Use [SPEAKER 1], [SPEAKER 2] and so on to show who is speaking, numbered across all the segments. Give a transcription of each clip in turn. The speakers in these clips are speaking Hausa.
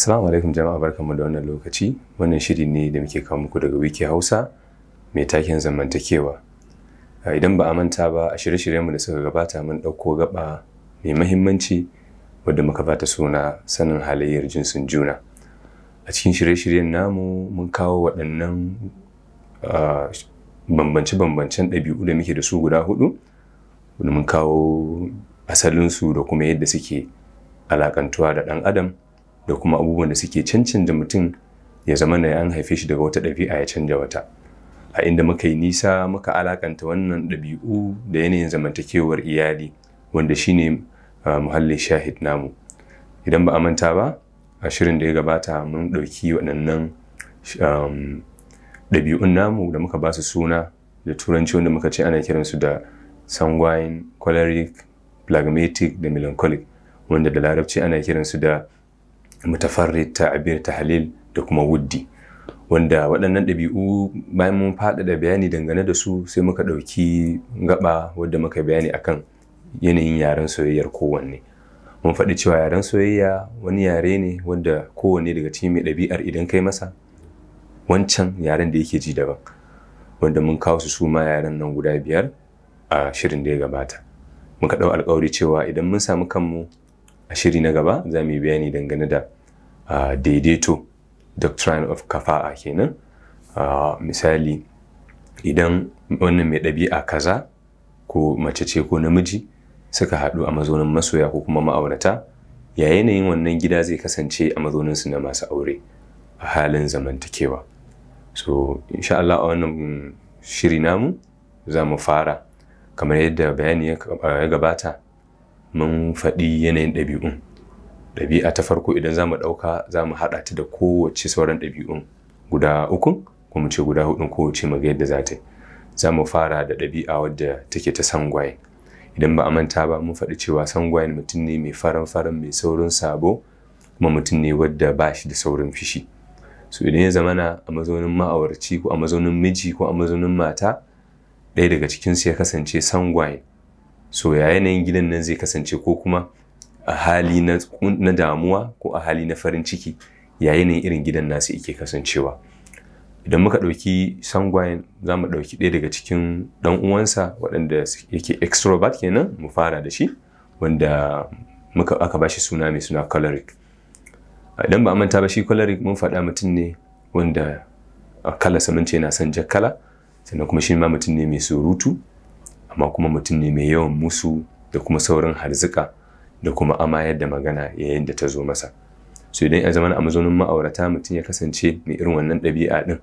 [SPEAKER 1] Assalamu alaikum jama'a barkanmu da wannan lokaci. Wannan shiri ne da muke kawo muku daga Wiki Hausa mai taken zamantakewa. Idan ba a manta ba a shirye-shiryenmu da suka gabata mun ɗauko gaba mai mahimmanci wadda muka bata suna sanin halayyar jinsin juna. A cikin shirye-shiryen namu mun kawo waɗannan bambance-bambancen ɗabi'u da muke da su guda hudu. Mun kawo asalinsu da kuma yadda suke alakantuwa da ɗan adam. da kuma abubuwan da suke cancanta mutum ya zama na an haife shi daga wata ɗabi'a ya canja wata a inda muka yi nisa muka alakanta wannan ɗabi'u da yanayin zamantakewar iyali wanda shine ah, muhalli shahid namu idan ba a manta ba a shirin da ya gabata mun ɗauki waɗannan um, ɗabi'un namu da muka ba su suna da turanci wanda muka ce ana kiransu da sanguine choleric phlegmatic da melancholic wanda da larabci ana kiransu da mutafarrid ta tahlil da kuma wuddi wanda waɗannan ɗabi'u bayan mun faɗaɗa bayani dangane da su sai muka ɗauki gaba wadda muka bayani a kan yanayin yaren soyayyar kowanne mun faɗi cewa yaren soyayya wani yare ne wanda kowanne daga cikin mai ɗabi'ar idan kai masa wancan yaren da yake ji daban wanda mun kawo su su ma yaren nan guda biyar a shirin da ya gabata muka ɗau alƙawari cewa idan mun samu kanmu a shiri na gaba za mu yi bayani dangane da daidaito doctrine of kafa'a kenan misali idan wannan mai ɗabi'a kaza ko mace ce ko namiji suka haɗu a mazaunin masoya ko kuma ma'aurata ya yanayin wannan gida zai kasance a mazauninsu na masu aure a halin zamantakewa so insha Allah a wannan shiri namu za mu fara kamar yadda bayani ya gabata mun faɗi yanayin ɗabi'un ɗabi'a ta farko idan za mu ɗauka za mu haɗa ta da kowace sauran ɗabi'un guda ukun kuma ce guda huɗun, kowace mu ga yadda za ta yi za mu fara da ɗabi'a wadda take ta sangwaye idan ba a manta ba mun faɗi cewa sangwaye mutum ne mai faran faran mai saurin sabo kuma mutum ne wadda ba shi da saurin fishi Su idan ya zamana a mazaunin ma'aurci ko a mazaunin miji ko a mazaunin mata ɗaya daga cikinsu ya kasance sangwaye so ya yanayin gidan nan zai kasance ko kuma a hali na damuwa ko a hali na farin ciki ya yanayin irin gidan nasu ike kasancewa idan muka ɗauki sangwayen za mu ɗauki ɗaya daga cikin ɗan uwansa waɗanda yake extrovert kenan mu fara da shi wanda muka aka ba shi suna mai suna choleric idan ba manta ba shi choleric mun faɗa mutum ne wanda a kala samance yana son jakkala kala sannan kuma shi ma mutum ne mai surutu amma kuma mutum ne mai yawan musu da kuma saurin harzika da kuma amayar da magana yayin da ta zo masa so idan ya zaman a mazaunin ma'aurata mutum ya kasance mai irin wannan ɗabi'a ɗin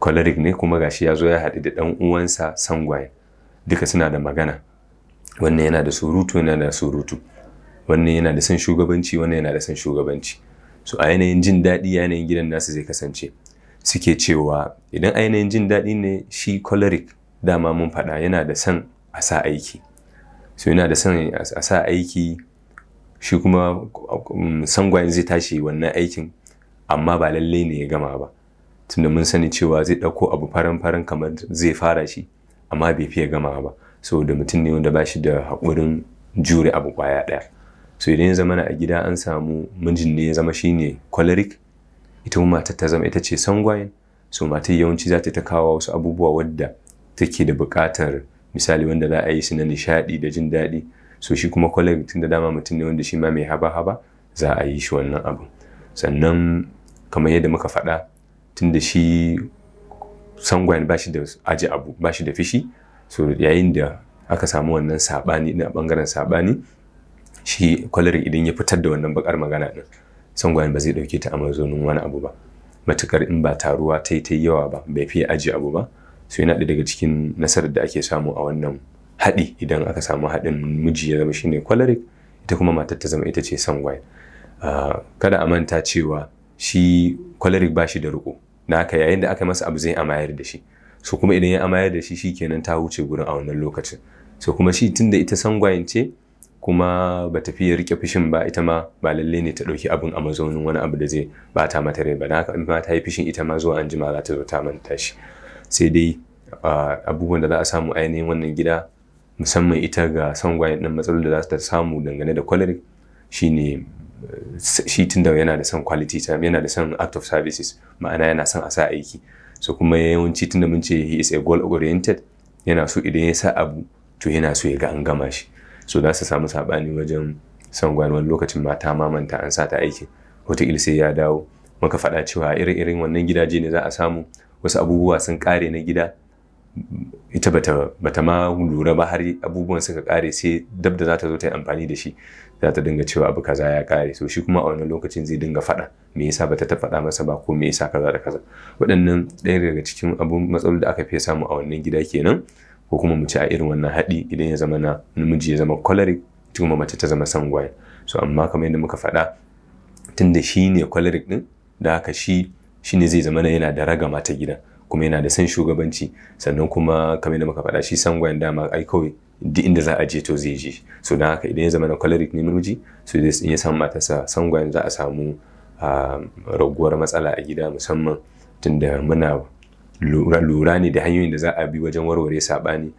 [SPEAKER 1] choleric ne kuma gashi ya zo ya haɗu da ɗan uwansa sangwaye duka suna da magana wannan yana da surutu yana da surutu wannan yana da son shugabanci wannan yana da son shugabanci so a yanayin jin daɗi yanayin gidan nasu zai kasance suke cewa idan a yanayin jin daɗi ne shi choleric dama mun faɗa yana da son a sa aiki so yana da son a sa aiki shi kuma mm, sangwayen zai tashi wannan aikin amma ba lallai ne ya gama ba tunda mun sani cewa zai ɗauko abu faran-faran kamar zai fara shi amma bai fiye gama ba so da mutum ne wanda ba shi da haƙurin jure abu ƙwaya ɗaya so idan ya zama a gida an samu mijin ne ya zama shine choleric ita kuma ta zama ita ce sangwayen so matar yawanci za ta kawo wasu abubuwa wadda take da buƙatar misali wanda za a yi su na nishaɗi da jin daɗi so shi kuma kwalar tun da dama mutum ne wanda shi ma mai haba-haba za a yi shi wannan abu. sannan kamar yadda muka faɗa tun da shi sangwan ba shi da aji abu ba shi da fishi so yayin da aka samu wannan saɓani na ɓangaren saɓani shi kwalar idan ya fitar da wannan bakar magana ɗin sangwan ba zai ɗauke ta a wani abu ba Matuƙar in ba taruwa ta yi ta yawa ba bai fiye aji abu ba su na daga cikin nasarar da ake samu a wannan haɗi idan aka samu haɗin miji ya zama shine choleric ita kuma matar ta zama ita ce sanguine ah, kada a manta cewa shi choleric ba shi da riko na haka yayin da aka masa abu zai amayar da shi so kuma idan ya amayar da shi shi kenan ta wuce gurin a wannan lokacin so kuma shi tunda ita sanguine ce kuma ba ta fiye rike fishin ba ita ma ba lalle ne ta ɗauki abin a mazaunin wani abu da zai bata mata rai ba na haka ta yi fishin ita ma zuwa anjima jima za ta zo ta manta shi sai dai abubuwan da za a samu ainihin wannan gida musamman ita ga sangwayen ɗin matsalolin da za ta samu dangane da kwalari, shine shi da yana da son quality time yana da son act of services ma'ana yana son a sa aiki so kuma yawanci da mun ce he is a goal oriented yana so idan ya sa abu to yana so ya ga an gama shi so za su samu saɓani wajen sangwayen wani lokacin mata mamanta an sa ta aiki wataƙila sai ya dawo maka faɗa cewa irin-irin wannan gidaje ne za a samu wasu abubuwa sun kare na gida ita bata, bata ma lura ba har abubuwan suka kare sai dab da za ta zo ta yi amfani da shi za ta dinga cewa abu kaza ya kare so shi kuma a wannan lokacin zai dinga faɗa me yasa bata ta faɗa masa ba ko me yasa kaza da kaza waɗannan ɗaya daga cikin abun matsalolin da aka fi samu a wannan gida kenan ko kuma mu ci a irin wannan haɗi idan ya zama na namiji ya zama choleric ita kuma mace ta zama sangwaya so amma kamar yadda muka faɗa tunda shi ne choleric ɗin da haka shi shine zai zama yana da raga mata gida, kuma yana da san shugabanci sannan kuma kamar da muka faɗa shi sangwayen dama ai kawai duk inda za a je to zai je so don haka idan ya zama na choleric ne miji so in ya sa matarsa sangwayen za a samu ah, raguwar matsala a gida musamman tunda muna lura ne da hanyoyin da za a bi wajen warware saɓani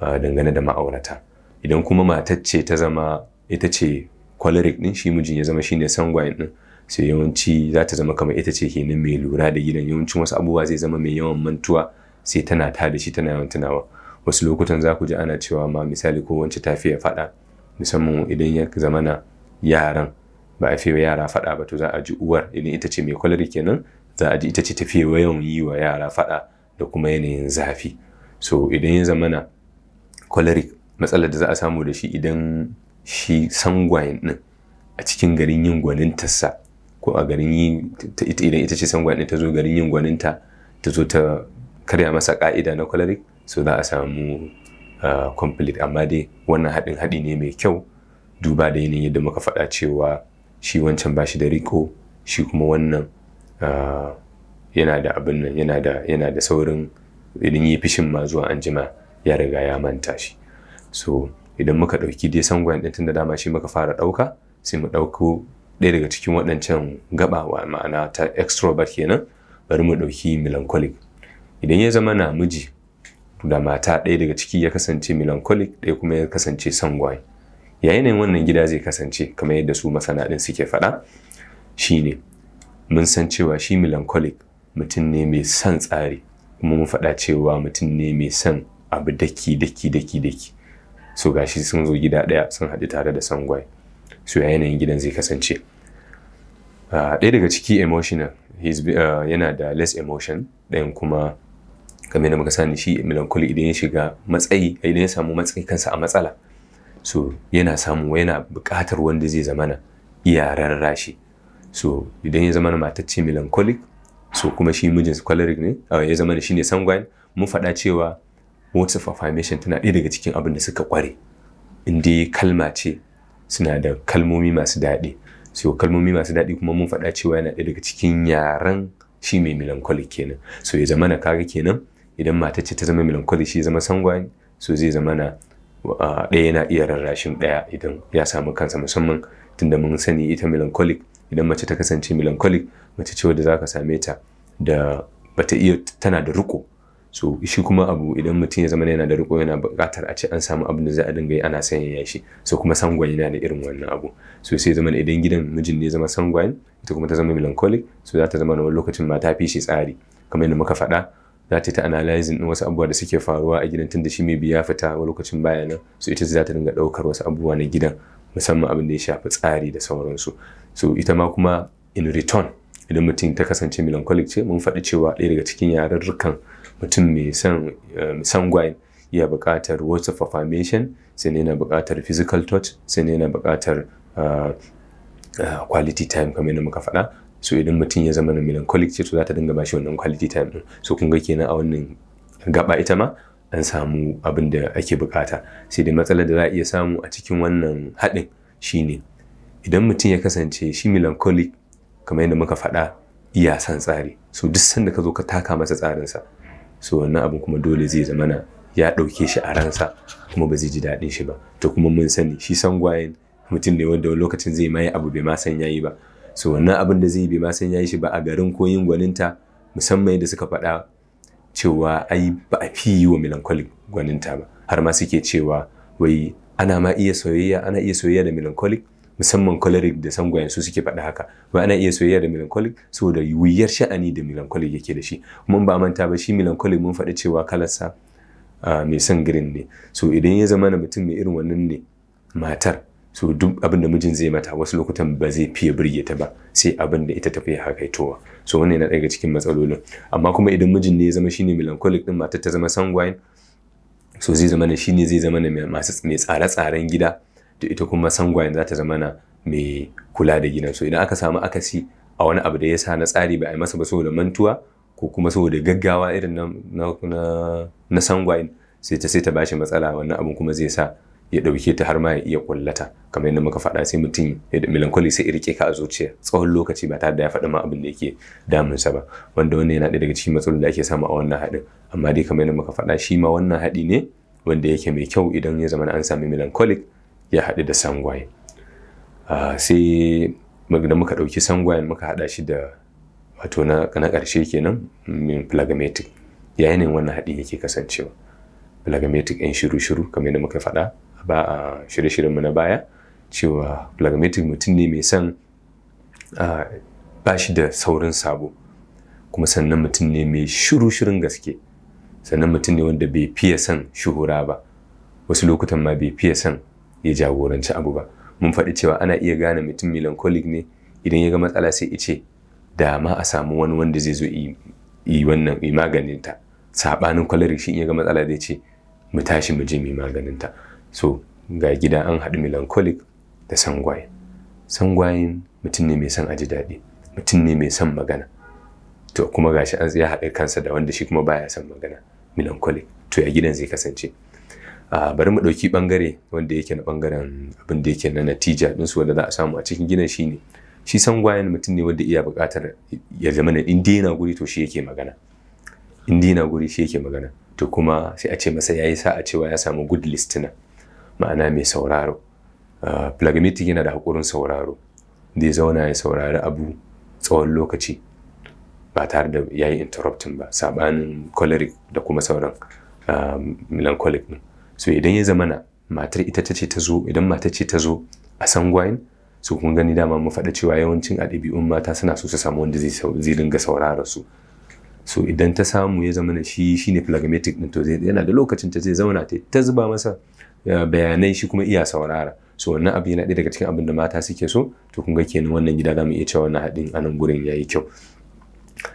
[SPEAKER 1] ah, dangane da ma'aurata idan kuma matacce ta zama ita ce choleric din shi mijin ya zama shine sangwayen din sai yawanci za ta zama kamar ita ce kenan mai lura da gidan yawancin wasu abubuwa zai zama mai yawan mantuwa sai tana ta da shi tana yawan tunawa wasu lokutan za ku ji ana cewa ma misali ko wance ta fiye faɗa musamman idan ya na yaran ba a fiye yara faɗa ba to za a ji uwar idan ita ce mai kwalari kenan za a ji ita ce ta fiye yawan yi wa yara faɗa da kuma yanayin zafi so idan ya zama zamana choleric matsalar da za a samu da shi idan shi sangwayen din a cikin garin yin gwanintarsa ko a garin idan ita ce san ɗin ta zo garin yin gwanin ta ta zo ta karya masa ka'ida na choleric so za a samu ah, complete amma dai wannan haɗin haɗi ne mai kyau duba da yanayin yadda muka faɗa cewa shi wancan bashi da riko shi kuma wannan ah, yana da abin nan yana da yana da saurin idan yi fishin ma zuwa anjima ya riga ya manta shi so idan muka ɗauki dai sangwan ɗin tunda dama shi muka fara ɗauka sai mu ɗauko ɗaya daga cikin waɗancan gabawa ma'ana ta extrovert kenan bari mu ɗauki melancholic idan ya zama namiji da mata ɗaya daga ciki ya kasance melancholic ɗaya kuma ya kasance sangwai ya yanayin wannan gida zai kasance kamar yadda su masana ɗin suke faɗa shine mun san cewa shi melancholic mutum ne mai son tsari kuma mu faɗa cewa mutum ne mai son abu daki daki daki daki so gashi sun zo gida ɗaya sun haɗu tare da sangwai ya yanayin gidan zai kasance ah, ɗaya daga ciki emotional ah, yana da less emotion ɗayan kuma kamar da muka sani shi melancholy idan ya shiga matsayi idan ya samu matsayi kansa a matsala so yana samu yana buƙatar wanda zai zamana rarra rashi so idan ya zamana matacce melancholic so kuma shi mijin choleric ne ah, ya zamana shi ne sanguine mun faɗa cewa words of affirmation tana ɗaya daga cikin abin da suka kware in dai kalma ce suna da kalmomi masu daɗi so kalmomi masu daɗi kuma mun faɗa cewa yana ɗaya daga cikin yaren shi mai melancholic kenan so ya zama na kaga kenan idan mata ce ta zama melancholic shi zama sangwani so zai zama na ɗaya yana iya rarrashin ɗaya idan ya samu kansa musamman tunda mun sani ita melancholic idan mace ta kasance melancholic mace ce wadda za ka same ta da bata iya tana da riko so shi kuma abu idan mutum ya zama yana da riko yana buƙatar a ce an samu abin da za a dinga yi ana sanyaya shi so kuma sangwani yana da irin wannan abu so sai zama idan gidan mijin ne zama sangwani ita kuma ta zama melancholic so za ta zama wani lokacin ma ta fi shi tsari kamar yadda muka faɗa za ta ta analyzing din wasu abubuwa da suke faruwa a gidan tun da shi mai biya fita wani lokacin baya nan so ita za ta dinga ɗaukar wasu abubuwa na gidan musamman abin da ya shafi tsari da sauransu so ita ma kuma in return idan mutum ta kasance melancholic ce mun faɗi cewa ɗaya daga cikin yarurrukan mutum mai son eh, sanguine ya buƙatar words of affirmation sai na buƙatar physical touch sai na buƙatar eh, eh, quality time kamar yadda muka faɗa so idan mutum ya zama na melancholic ce to za ta dinga bashi wannan quality time din so kun ga kenan a wannan gaba ita ma an samu abin da ake buƙata. sai dai matsalar da za a iya samu a cikin wannan haɗin shine idan mutum ya kasance shi melancholic kamar yadda muka faɗa iya san tsari so duk sanda ka zo ka taka masa tsarinsa so wannan abin kuma dole zai zama na ya ɗauke shi a ransa kuma ba zai ji daɗin shi ba to kuma mun sani shi sangwayen mutum ne wanda lokacin zai maye abu bai ma san yayi ba so wannan abin da zai bai ma san yayi shi ba a garin koyin gwaninta musamman yadda suka faɗa cewa ai ba a fi yi wa melancholic gwaninta ba har ma suke cewa wai ana ma iya soyayya ana iya soyayya da melancholic musamman choleric da sanguine su suke faɗa haka ba ana iya soyayya da melancholic saboda wuyar sha'ani da melancholic yake da shi mun ba manta ba shi melancholic mun faɗi cewa kalar sa mai son green ne so idan ya zama na mutum mai irin wannan ne matar so duk abin da mijin zai mata wasu lokutan ba zai fiye birge ta ba sai abin da ita tafi hakaitowa so wannan yana daga cikin matsalolin amma kuma idan mijin ne ya zama shine melancholic din matar ta zama sanguine so zai zama shine zai zama ne masu tsare-tsaren gida to ita kuma sangwayen za ta zama na mai kula da gidan so idan aka samu akasi a wani abu da ya sa na tsari ba a yi masa ba saboda mantuwa ko kuma saboda gaggawa irin na sangwayen sai ta sai ta bashi matsala wannan abun kuma zai sa ya ɗauke ta har ma ya iya kullata kamar yadda muka faɗa sai mutum ya melancholy sai ya ka a zuciya tsawon lokaci ba tare da ya faɗi ma abin da yake damunsa ba wanda wannan yana ɗaya daga cikin matsalolin da ake samu a wannan haɗin amma dai kamar yadda muka faɗa shi ma wannan haɗi ne wanda yake mai kyau idan ya zama an sami melancholic ya haɗu da sangwaye sai da muka ɗauki sangwayen muka haɗa shi da wato na ƙarshe kenan min mm, plagmatic ya yanayin wannan haɗin yake kasancewa plagmatic ɗin shiru-shiru kamar yadda muka faɗa ba a shirye-shiryenmu na baya cewa plagmatic mutum ne mai son ba shi da saurin sabo kuma sannan mutum ne mai shiru-shirin gaske sannan mutum ne wanda bai fiye son shuhura ba wasu lokutan ma bai fiye son ya jagoranci abu ba mun faɗi cewa ana iya gane mutum melancholic ne idan ya ga matsala sai ice da ma a samu wani wanda zai zo yi wannan yi ta saɓanin choleric shi in ya ga matsala zai ce mu tashi mu je mu yi maganinta so ga gida an haɗu melancholic da sangwaye sangwayen mutum ne mai son aji daɗi mutum ne mai son magana to kuma gashi an tsaya haɗe kansa da wanda shi kuma baya son magana melancholic to ya gidan zai kasance bari mu ɗauki ɓangare wanda yake na ɓangaren abin da yake na natija ɗinsu wanda za a samu a cikin gidan shi ne shi san sangwayen mutum ne wanda iya buƙatar ya zama na inda yana guri to shi yake magana inda yana guri shi yake magana to kuma sai a ce masa ya yi sa'a cewa ya samu good listina, ma'ana mai sauraro plagmatic yana da haƙurin sauraro zai zauna ya saurari abu tsawon lokaci ba tare da ya yi interrupting ba saɓanin choleric da kuma sauran melancholic ɗin so idan ya zamana matar ita ce ta zo idan mata ce ta zo a san gwayin, so kun gani dama mu faɗa cewa yawancin a mata suna so su samu wanda zai dinga saurara su so idan ta samu ya zamana shi shine phlegmatic din to yana da lokacin ta zai zauna ta ta zuba masa bayanai shi kuma iya saurara so wannan abu yana ɗaya daga cikin abin da mata suke so to kun ga kenan wannan gida za mu iya cewa wannan haɗin a nan gurin yayi kyau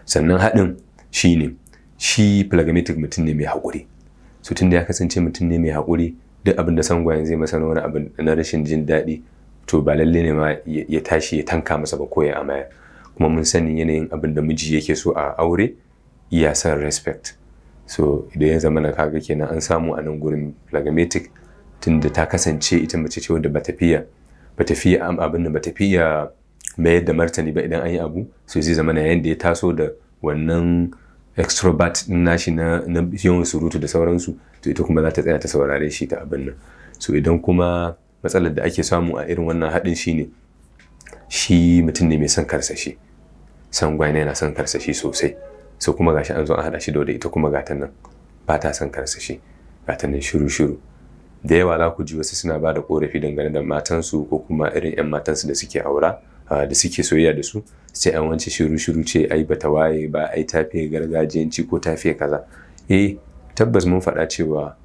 [SPEAKER 1] sannan haɗin shine shi phlegmatic mutum ne mai haƙuri su tun da ya kasance mutum ne mai haƙuri duk abin da sangwayen zai masa masana wani abin na rashin jin daɗi to ba lalle ne ma ya tashi ya tanka masa ba ko ya amaya kuma mun sani yanayin abin da miji yake so a aure iya son respect so idan ya zama na kaga kenan an samu a nan gurin plagmatic tunda ta kasance ita mace ce wanda ba tafiya ba tafiya abin da ba tafiya mayar da martani ba idan an yi abu so zai zama na yayin ya taso da wannan extrovert nashi na na yawan surutu da sauransu to ita kuma za ta tsaya ta saurare shi ta abin nan so idan kuma matsalar da ake samu a irin wannan haɗin shi ne shi mutum ne mai son karsashi son gwana yana son karsashi sosai so kuma gashi an zo an haɗa shi da ita kuma ta nan ba ta son karsashi ta nan shiru shiru da yawa za ku ji wasu suna ba da korafi dangane da matansu ko kuma irin 'yan matansu da suke aura da suke soyayya da su sai an wance shiru shiru ce ai bata waye ba ai tafiye gargajiyanci ko tafiye kaza eh tabbas mun faɗa cewa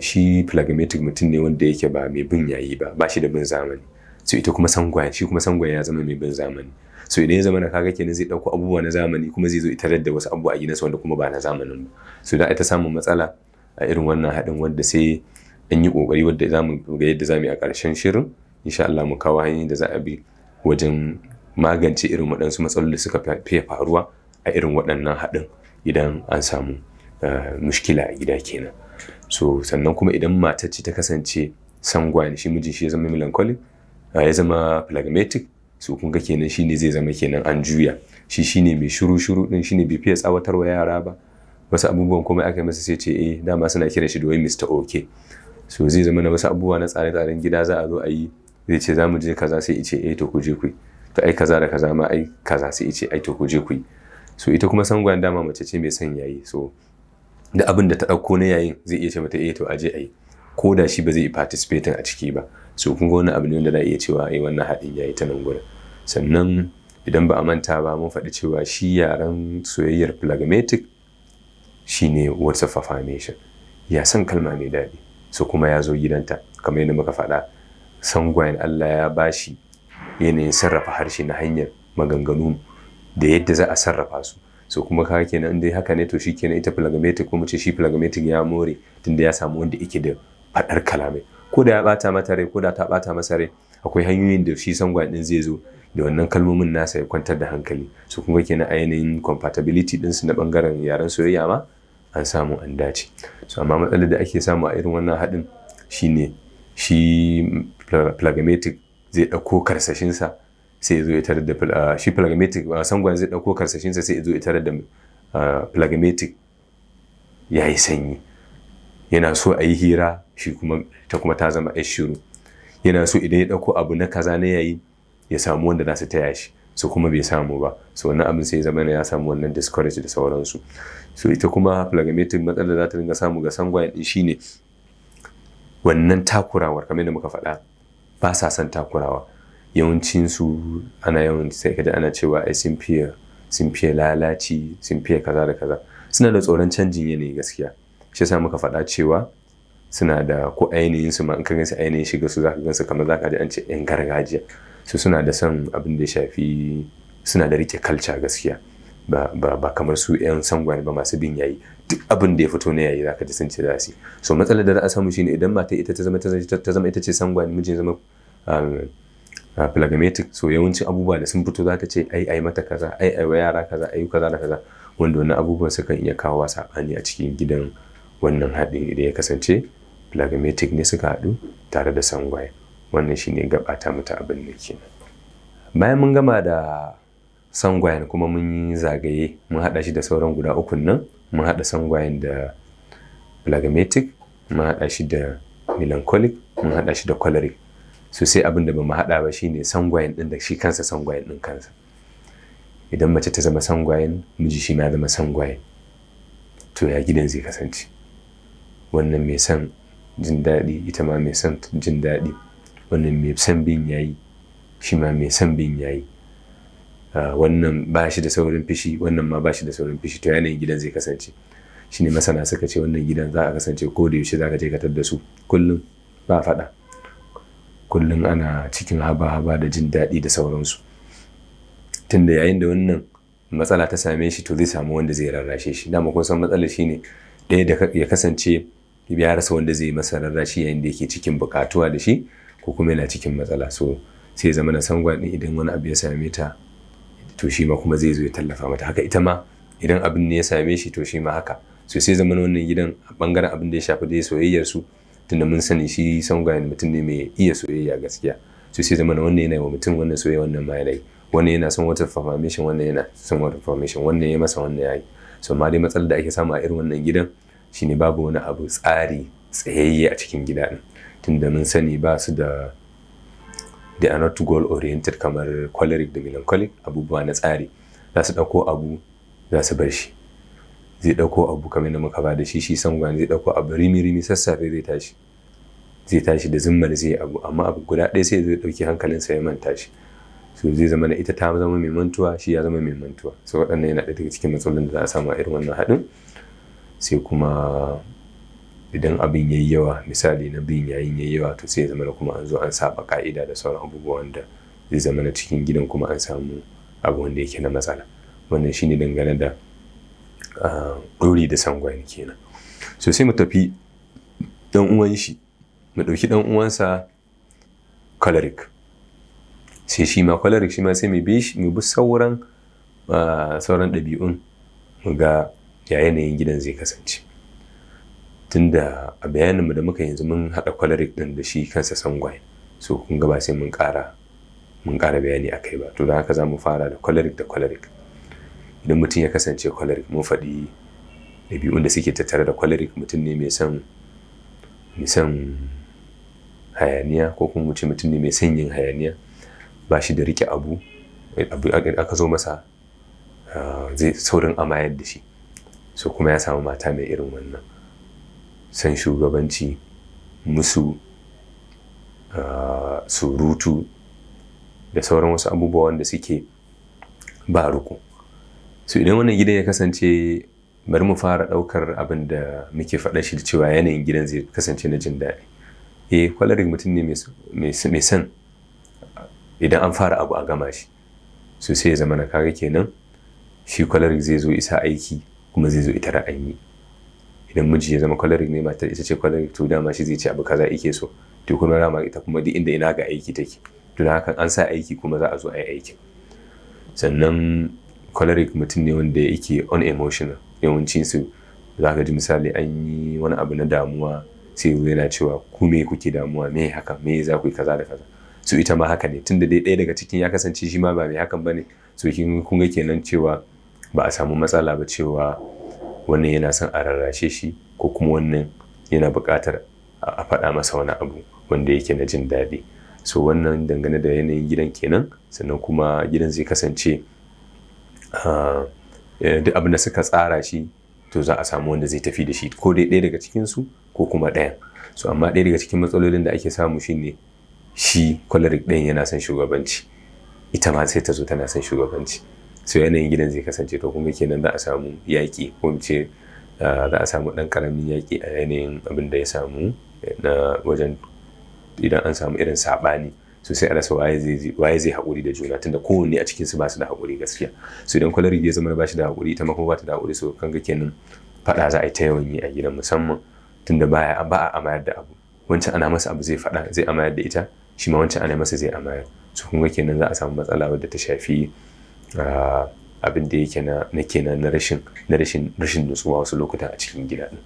[SPEAKER 1] shi phlegmatic mutum ne wanda yake ba mai bin yayi ba ba shi da bin zamani so ita kuma sangwaya shi kuma sangwaya ya zama mai bin zamani so idan ya zama na kaga kenan zai dauko abubuwa na zamani kuma zai zo ita da wasu abubuwa a gidansa wanda kuma ba na zamanin ba so da ita samun matsala a irin wannan haɗin wanda sai an yi ƙoƙari wadda za mu ga yadda za mu yi a ƙarshen shirin insha Allah mu kawo hanyoyin da za a bi wajen magance irin waɗansu matsaloli da suka fiye faruwa a irin waɗannan haɗin idan an samu eh, mushkila a gida kenan so sannan kuma idan matar ce ta kasance ne shi mijin shi ya zama melancholic eh, ya zama phlegmatic so kun ga kenan shine zai zama kenan an juya shi shine mai shuru shuru din shine bai fiye tsawatarwa yara ba wasu abubuwan kuma aka masa sai ce eh dama suna kiran shi da wai Mr. OK so zai zama na wasu abubuwa na tsare-tsaren gida za a zo a yi zai ce za mu je kaza sai ice eh to ku je ku to ai kaza da kaza ma ai kaza sai ice ai to ku je ku so ita kuma sangwayen dama mace ce mai son yayi so da abin da ta ɗauko na yayin zai iya ce mata eh to aje ayi ko da shi ba zai participating a ciki ba so kun ga wani abu ne wanda za a iya cewa ai eh wannan haɗin yayi ta nan gurin sannan idan ba a manta ba mun faɗi cewa shi yaren soyayyar phlegmatic shine words of affirmation ya san kalma mai daɗi so kuma ya zo gidanta kamar yadda muka faɗa sangwayen Allah ya bashi yanayin sarrafa harshe na hanyar maganganu da yadda za a sarrafa su so kuma kaga kenan in dai haka ne to shikenan ita plagmatic ko ce shi plagmatic ya more tunda ya samu wanda yake da fadar kalamai ko da ya bata mata rai ko da ta bata masa rai akwai hanyoyin da shi sangwayen din zai zo da wannan kalmomin nasa ya kwantar da hankali So kuma kenan a yanayin compatibility su na bangaren yaren soyayya ma an samu an dace so amma matsalar da ake samu a irin wannan haɗin shine shi plagmatic zai ɗauko karsashinsa sai ya zo ya tarar da ah, shi plagmatic ah, Sanguwan zai ɗauko karsashinsa sai ya zo ya tarar da ah, plagmatic ya yi sanyi yana so a hira shi kuma ta zama yar shiru yana so idan ya ɗauko abu na kaza na yayi ya samu wanda za su taya shi su kuma bai samu ba so wannan abin sai ya zama ya samu wannan discourage da sauransu so ita kuma plagmatic matsalar da za ta dinga samu ga sangwayen din shine wannan takurawar kamar da muka faɗa ba sa son takurawa yawancinsu ana yawan sai kaji ana cewa ai sun fiye sun fiye lalaci sun fiye kaza da kaza suna da tsoron canjin yanayi gaskiya shi yasa muka faɗa cewa suna da ko ainihin su ma in ka gansu ainihin shiga su zaka gansu kamar zaka ji an ce yan gargajiya su suna da son abin da ya shafi suna da rike kalca gaskiya ba kamar su yan sangwani ba masu bin yayi duk abin da ya fito na yayi zaka ji sun ce za so matsalar da za a samu shine idan mata ita ta zama ta zama ita ce ne mijin zama um, uh, plagmatic so yawancin abubuwa da sun fito za ce ai ai mata kaza ai ai wa yara kaza ai kaza da kaza wanda wannan abubuwan sukan iya kawo saɓani a cikin gidan wannan haɗin idan ya kasance plagmatic ne suka haɗu tare da sangwaye wannan shine gabata mata abin da ke bayan mun gama da sangwayen kuma mun yi zagaye mun haɗa shi da sauran guda ukun nan mun haɗa sangwayen da plagmatic mun haɗa shi da melancholic mun haɗa shi da choleric so sai abin da bamu haɗa ba shine sangwayen ɗin da shi kansa sangwayen ɗin kansa idan mace ta zama sangwayen miji shi ma zama sangwayen to ya gidan zai kasance wannan mai son jin daɗi ita ma mai son jin daɗi wannan mai son bin yayi shi ma mai san bin yayi Ah, wannan ba shi da saurin fishi wannan ma ba shi da saurin fishi to yanayin gidan zai kasance shi ne masana suka ce wannan gidan za a kasance ko da yaushe za ka je ka da su kullum ba faɗa kullum ana cikin haba-haba da jin daɗi da sauransu tunda yayin da wannan matsala ta same shi to zai samu wanda zai rarrashe shi dama kun san matsalar ne. ɗaya da ya kasance ya rasa wanda zai masa rarrashi yayin da yake cikin buƙatuwa da shi ko kuma yana cikin matsala so sai zama na sangwa idan wani abu ya same ta to shi ma kuma zai zo ya tallafa mata haka ita ma idan abin ne ya same shi to shi ma haka so sai zama wannan gidan a bangaren abin da ya shafi dai soyayyar su tunda mun sani shi songayen mutum ne mai iya soyayya gaskiya so sai zama wannan yana wa mutum wannan soyayya wannan ma yana yi wannan yana son wata formation wannan yana son wata formation wannan ya masa wannan yayi so amma dai matsalar da ake samu a irin wannan gidan shine babu wani abu tsari tsayayye a cikin gida din tunda mun sani ba su da they are not goal oriented kamar choleric da melancholic abubuwa na tsari za su ɗauko abu za su bar shi zai ɗauko abu kamar da muka ba da shi shi san gwani zai ɗauko abu rimi rimi sassafe zai tashi zai tashi da zimmar zai abu amma abu guda ɗaya sai zai ɗauki hankalinsa ya manta shi so zai zama na ita ta zama mai mantuwa shi ya zama mai mantuwa so waɗannan yana ɗaya daga cikin matsalolin da za a samu a irin wannan haɗin sai kuma idan abin ya yi yawa misali na bin yayin yi yawa to sai ya zama kuma an zo an saba ka'ida da sauran abubuwan da zai zama na cikin gidan kuma an samu abu wanda yake na matsala wannan shi ne dangane da ah, ɗori da sangwani kenan so sai mu tafi dan uwan shi mu ɗauki ɗan uwansa choleric sai shi ma choleric shi ma sai mu bi mu bi sauran ah, sauran ɗabi'un mu ga ya yanayin gidan zai kasance tunda a bayaninmu da muka yanzu mun haɗa choleric ɗin da shi kansa sangwai so kun ga ba sai mun ƙara mun ƙara bayani a kai ba to don haka za mu fara da choleric da choleric idan mutum ya kasance choleric mun faɗi ɗabi'un da suke tattare da choleric mutum ne mai son mai son hayaniya ko kuma ce mutum ne mai son yin hayaniya ba shi da rike abu abu aka zo masa ah, zai saurin amayar da shi so kuma ya samu mata mai irin wannan san shugabanci musu surutu da sauran wasu abubuwa wanda suke ba ruku su idan wannan gidan ya kasance bari mu fara ɗaukar abin da muke faɗa shi da cewa yanayin gidan zai kasance na jin daɗi eh kwalarin mutum ne mai san idan an fara abu a gama shi Sosai ya zama na kaga kenan shi kwalarin zai zo isa aiki kuma zai zo ita ra'ayi idan miji ya zama choleric ne matar ita ce choleric to dama shi zai ce abu kaza yake so to kuma dama ita kuma duk inda ina ga aiki take to dan haka an sa aiki kuma za a zo a yi aiki. sannan choleric mutum ne wanda yake unemotional yawancin su za ka ji misali an yi wani abu na damuwa sai yana cewa ku me kuke damuwa me haka me za ku yi kaza da kaza su ita ma haka ne tunda dai ɗaya daga cikin ya kasance shi ma ba mai hakan bane so kin kun ga kenan cewa ba a samu matsala ba cewa wannan yana son a rarrashe shi ko kuma wannan yana buƙatar a faɗa masa wani abu wanda yake na jin daɗi so wannan dangane da yanayin gidan kenan sannan kuma gidan zai kasance ah, eh, duk abin da suka tsara shi to za a samu wanda zai tafi da shi ko dai ɗaya daga cikinsu ko kuma ɗayan so amma ɗaya daga cikin matsalolin da ake samu shine shi kwalarik ɗayan yana son shugabanci ita ma sai ta zo tana son shugabanci so yanayin gidan zai kasance to kuma kenan za a samu yaƙi ko mu ce ah, za a samu ɗan ƙaramin yaƙi a yanayin abin da ya samu na wajen idan an samu irin saɓani so sai a rasa waye zai haƙuri da juna tunda kowanne a cikin su ba su da haƙuri gaskiya so idan kwalari ya zama ba shi da haƙuri ita ma kuma ba ta da haƙuri so kan ga kenan faɗa za a yi ta yawan yi a gidan musamman tunda ba a amayar da abu wancan ana masa abu zai faɗa zai amayar da ita shi ma wancan ana masa zai amayar so kun ga kenan za a samu matsala wadda ta shafi abin da yake na kenan na rashin na rashin rashin nutsuwa wasu lokutan a cikin gida din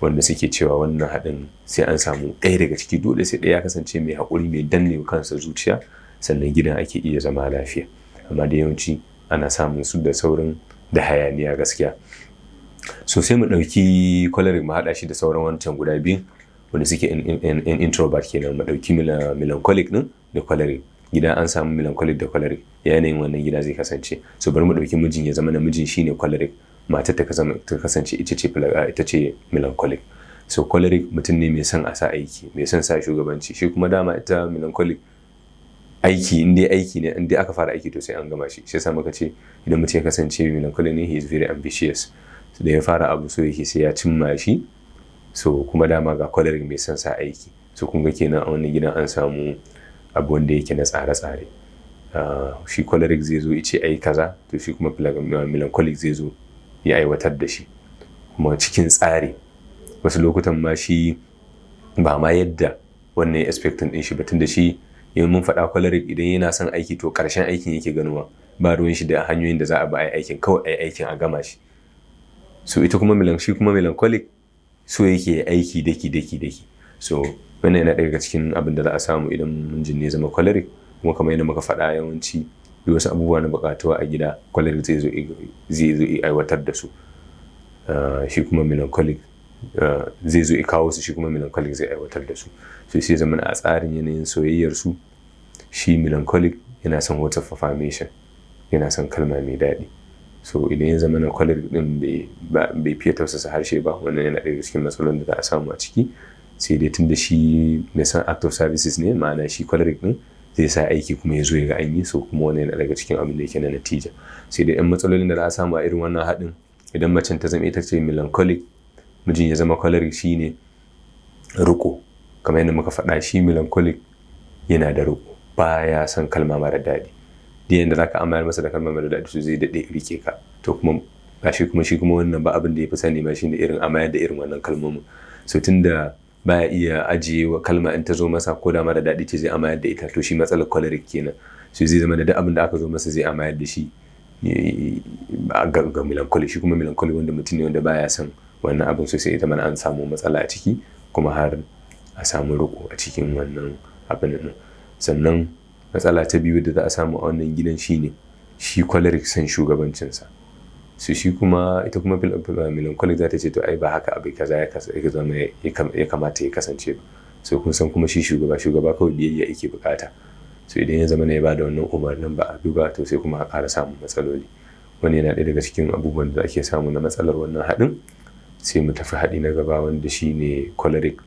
[SPEAKER 1] wanda suke cewa wannan haɗin sai an samu ɗaya daga ciki dole sai ɗaya ya kasance mai haƙuri mai danne kansa zuciya sannan gidan ake iya zama lafiya amma da yawanci ana samun su da saurin da hayaniya gaskiya so sai mu ɗauki kwalarin mu haɗa shi da sauran wancan guda biyu wanda suke in introvert kenan mu ɗauki melancholic ɗin da kwalarin gida an samu melancholic da choleric yanayin wannan gida zai kasance so bari mu ɗauki mijin ya zama namijin shine choleric Mata ta kasance ita ce ita ce melancholic so choleric mutum ne mai son a sa aiki mai son sa shugabanci shi kuma dama ita melancholic aiki in dai aiki ne in aka fara aiki to sai an gama shi shi yasa muka ce idan mutum ya kasance melancholic ne he is very ambitious da ya fara abu so yake sai ya cimma shi so kuma dama ga choleric mai son sa aiki so kun ga kenan a wannan gidan an samu abu wanda yake na tsare-tsare ah, shi choleric zai zo ice ai kaza to shi kuma ah, melancholic zai zo ya aiwatar da shi kuma cikin tsari wasu lokutan ma shi ba ma yadda wannan expectant din shi ba tunda shi in mun faɗa choleric idan yana son aiki to ƙarshen aikin yake ganuwa ba ruwan shi da hanyoyin da za a ba ai aikin kawai ai aikin a gama shi so ita kuma shi kuma melancholic so yake aiki daki daki daki so wannan yana daga cikin abin da za a samu idan mun ne zama choleric kuma kamar yadda muka faɗa yawanci duk wasu abubuwa na buƙatuwa a gida choleric zai zo zai zo aiwatar da su ah, shi kuma melancholic ah, zai zo kawo su shi kuma melancholic zai aiwatar da su so sai zama a tsarin yanayin soyayyar su shi melancholic yana son wata formation yana son kalma mai daɗi so idan ya zama na choleric din bai fiye tausasa harshe ba wannan yana daga cikin matsalolin da za a samu a ciki sai dai tunda da shi mai san act of services ne ma'ana shi choleric din zai sa aiki kuma ya zo ya ga an yi so kuma wani yana daga cikin abin da yake na natija sai dai yan matsalolin da za a samu a irin wannan haɗin idan macen ta zama ita ce melancholic mijin ya zama shi ne riko kamar yadda muka faɗa shi melancholic yana da riko baya san kalma mara daɗi da yadda zaka amayar masa da kalma mara daɗi su zai daɗe rike ka to kuma gashi kuma shi kuma wannan ba abin da ya fi sani ma ne irin amayar da irin wannan kalmomin so tunda baya iya ajiye wa kalma in ta zo masa ko da mara daɗi ce zai amayar da ita to shi matsalar choleric kenan Su zai zama da duk abin da aka zo masa zai amayar da shi eh, ga milankoli shi kuma milankoli wanda mutum ne wanda baya son wannan abin sosai ita mana an samu matsala a ciki kuma har a samu riko a cikin wannan abin nan sannan matsala ta biyu da za a samu a wannan gidan shine shi choleric san shugabancinsa su shi kuma ita kuma melancholic za ta ce to ai ba haka abu kaza ya kamata ya kasance ba so kun san kuma shi shugaba shugaba kawai biyayya yake bukata so idan ya zama na ba da wannan umarnin ba a duba to sai kuma a ƙara samun matsaloli wani yana ɗaya daga cikin abubuwan da ake samu na matsalar wannan haɗin sai mu tafi haɗi na gaba wanda shine choleric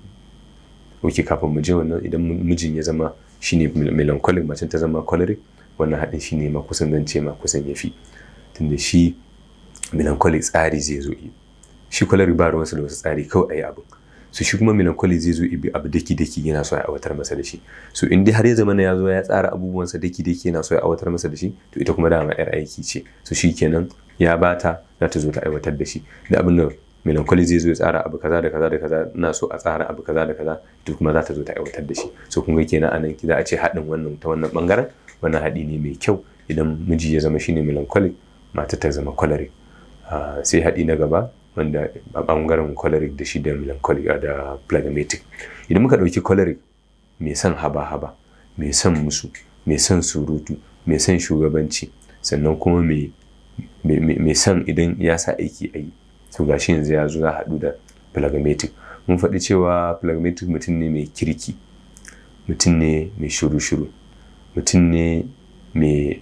[SPEAKER 1] ok kafin mu je wannan idan mijin ya zama shine melancholic macen ta zama choleric wannan haɗin shine ma kusan zance ce ma kusan yafi tunda shi melancholy tsari zai zo shi kwalari ba ruwansa da wasu tsari kawai a yi abin su shi kuma melancholy zai zo ibi abu daki daki yana so ya awatar masa da shi so in dai har ya zama ya zo ya tsara abubuwansa daki daki yana so ya awatar masa da shi to ita kuma dama yar aiki ce so shi kenan ya bata za ta zo ta aiwatar da shi da abin da melancholy zai zo ya tsara abu kaza da kaza da kaza ina so a tsara abu kaza da kaza to kuma za ta zo ta aiwatar da shi so kun ga kenan anan za a ce haɗin wannan ta wannan bangaren wannan hadi ne mai kyau idan miji ya zama shine melancholy mata ta zama choleric Ah, sai haɗi na gaba wanda a ɓangaren choleric da shi da melancholic ah, da phlegmatic idan muka ɗauki choleric mai son haba-haba mai son musu mai son surutu mai son shugabanci sannan kuma mai son idan ya sa aiki a yi ga gashi yanzu ya zo za haɗu da phlegmatic mun faɗi cewa phlegmatic mutum ne mai kirki mutum ne mai shuru-shuru mutum ne mai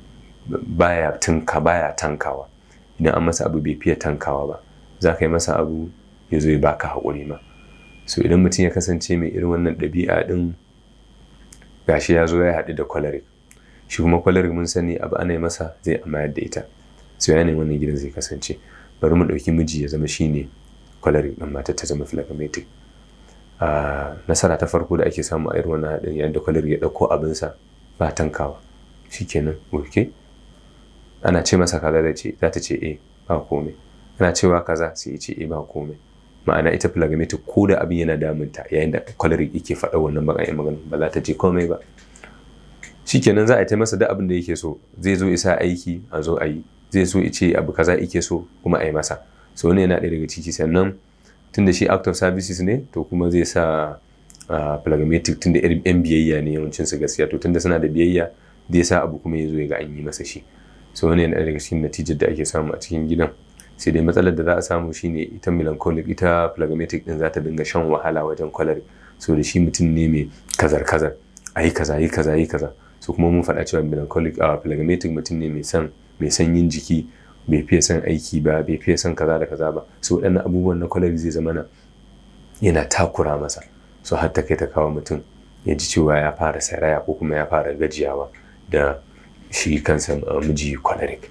[SPEAKER 1] baya tankawa idan an masa abu bai fiye tankawa ba za ka yi masa abu ya zo ya baka haƙuri ma so idan mutum ya kasance mai irin wannan ɗabi'a ɗin gashi ya zo ya haɗu da kwalarik shi kuma kwalari mun sani abu ana yi masa zai amayar da ita so ne wannan gidan zai kasance bari mu ɗauki miji ya zama shine kwalari ɗin matar ta zama phlegmatic ah, nasara ta farko da ake samu a irin wannan haɗin yayin da kwalari ya ɗauko abinsa ba tankawa shikenan okay ana ce masa kaza da ce za ta ce eh ba komai ana cewa kaza sai ya ce eh ba komai ma'ana ita plagmatic ko da abin yana damunta yayin da choleric yake faɗa wannan bakan eh, magana ba za ta ce komai ba shikenan za a ta masa duk abin da yake so zai zo isa aiki a zo a yi zai so ya ce abu kaza yake so kuma a yi masa so ne yana ɗaya daga ciki sannan tunda shi act of services ne to kuma zai sa tun tunda yan biyayya ne yawancin su gaskiya to tunda suna da biyayya zai sa abu kuma ya zo ya ga an yi masa shi so wani yana daga cikin natijar da ake samu a cikin gidan sai dai matsalar da za a samu shine ita melancholic ita phlegmatic din za ta dinga shan wahala wajen choleric so da shi mutum ne mai kazar kazar ayi kaza yi kaza yi kaza so kuma mun faɗa cewa melancholic a ah, phlegmatic mutum ne mai son mai sanyin jiki bai fiye son aiki ba bai fiye son kaza da kaza ba so waɗannan abubuwan na choleric zai zamana yana takura masa so har ta kai ta kawo mutum ya ji cewa ya fara saraya ko kuma ya fara gajiyawa da shi kansa ah, miji choleric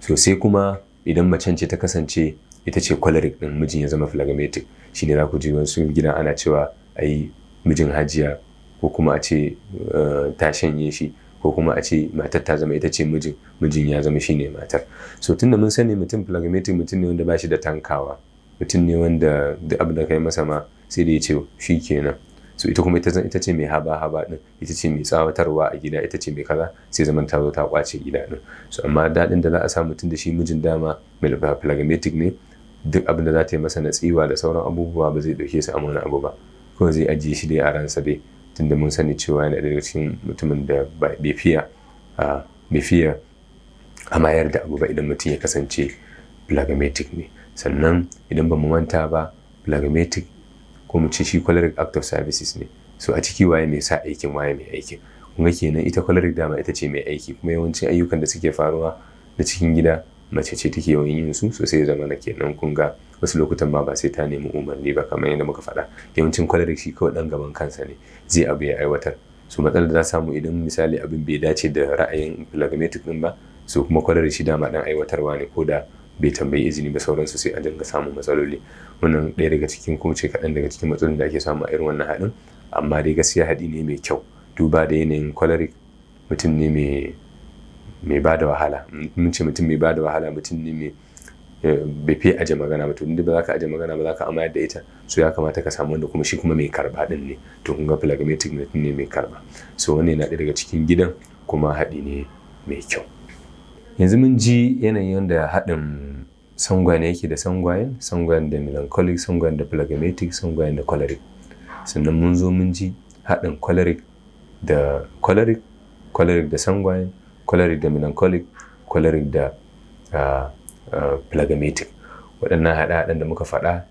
[SPEAKER 1] so sai kuma idan macen ce ta kasance ita ce choleric din mijin ya zama phlegmatic shine za ku ji wasu gidan ana cewa ai mijin hajiya ko kuma a ce ah, ta shanye shi ko kuma a ce matar ta zama ita ce mijin mijin ya zama shine matar so tunda mun sani mutum phlegmatic mutum ne wanda ba shi da tankawa mutum ne wanda duk abin da kai masa ma sai da ya ce shi kenan so ita kuma ita ce mai haba haba din ita ce mai tsawatarwa a gida ita ce mai kaza sai zaman ta zo ta kwace gida din so amma daɗin da za a sa mutum da shi mijin dama mai plagmatic ne duk abin da za ta yi masa na tsiwa da sauran abubuwa ba zai ɗauke su amma abu ba Ko zai ajiye shi dai a ransa dai tunda mun sani cewa yana daga cikin mutumin da bai fiya bai fiya a mayar da abu ba idan mutum ya kasance plagmatic ne sannan idan ba mu manta ba plagmatic ko mu ce shi choleric act of services ne so a ciki waye mai sa aikin waye mai aikin kuma kenan ita choleric dama ita ce mai aiki kuma yawancin ayyukan da suke faruwa da cikin gida mace ce take yawan yin su sosai zama na kenan kun ga wasu lokutan ma ba sai ta nemi umarni ba kamar yadda muka faɗa yawancin choleric shi kawai dan gaban kansa ne zai abu ya aiwatar su matsalar da samu idan misali abin bai dace da ra'ayin phlegmatic din ba so kuma choleric shi dama dan aiwatarwa ne ko da bai tambayi izini ba sauransu sai a dinga samun matsaloli wannan ɗaya daga cikin ko ce kaɗan daga cikin matsalolin da ake samu a irin wannan haɗin amma dai gaskiya haɗi ne mai kyau duba da yanayin choleric mutum ne mai ba da wahala mun ce mutum mai ba da wahala mutum ne mai eh, bai fi aje magana ba to inda ba za ka aje magana ba za ka amayar da ita so ya kamata ka samu wanda kuma shi kuma mai karba din ne to kun ga phlegmatic ne mai karba so wannan yana ɗaya daga cikin gidan kuma haɗi ne mai kyau yanzu mun ji yanayin yadda haɗin sangwane yake da sangwayen sangwayen da melancholic sangwayen da phlegmatic sangwayen da choleric sannan mun zo mun ji haɗin choleric da choleric choleric da sangwayen choleric da melancholic choleric da ah, ah, phlegmatic waɗannan haɗe-haɗen da muka faɗa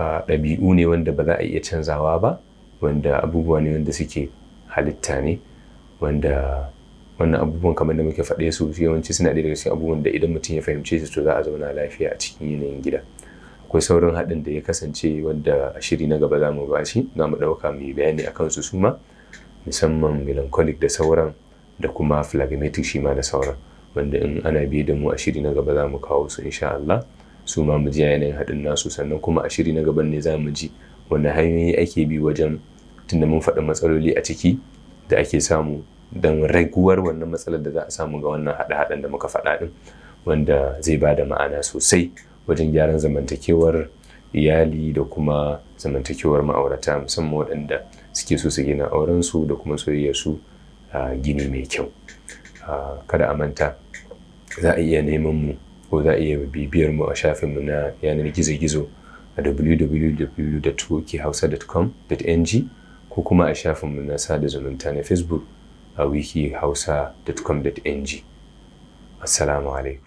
[SPEAKER 1] ah, ɗabi'u ne wanda ba za a iya canzawa ba wanda abubuwa ne wanda suke halitta ne wanda wannan abubuwan kamar da muke faɗe su yawanci suna ɗaya daga cikin abubuwan da idan mutum ya fahimce su to za a zauna lafiya a cikin yanayin gida akwai saurin haɗin da ya kasance wanda a shiri na gaba za mu ba shi za mu ɗauka mu bayani a kansu su ma musamman melancholic da sauran da kuma phlegmatic shi ma da sauran wanda in ana biye da mu a shiri na gaba za mu kawo su insha Allah su ma mu ji yanayin haɗin nasu sannan kuma a shiri na gaban ne za mu ji wani hanyoyi ake bi wajen tunda mun faɗi matsaloli a ciki da ake samu Dan raguwar wannan matsalar da za a samu ga wannan haɗe-haɗen da muka faɗa ɗin wanda zai ba da ma'ana sosai wajen gyaran zamantakewar iyali da kuma zamantakewar ma'aurata musamman waɗanda suke so su gina aurensu da kuma soyayyarsu su gini mai kyau kada a manta za a iya neman mu ko za a iya bibiyar mu a shafin mu na yanar gizo-gizo a www.tokihausa.com.ng ko kuma a shafin mu na sada zumunta na facebook a wikihausa.com.ng. Assalamu alaikum.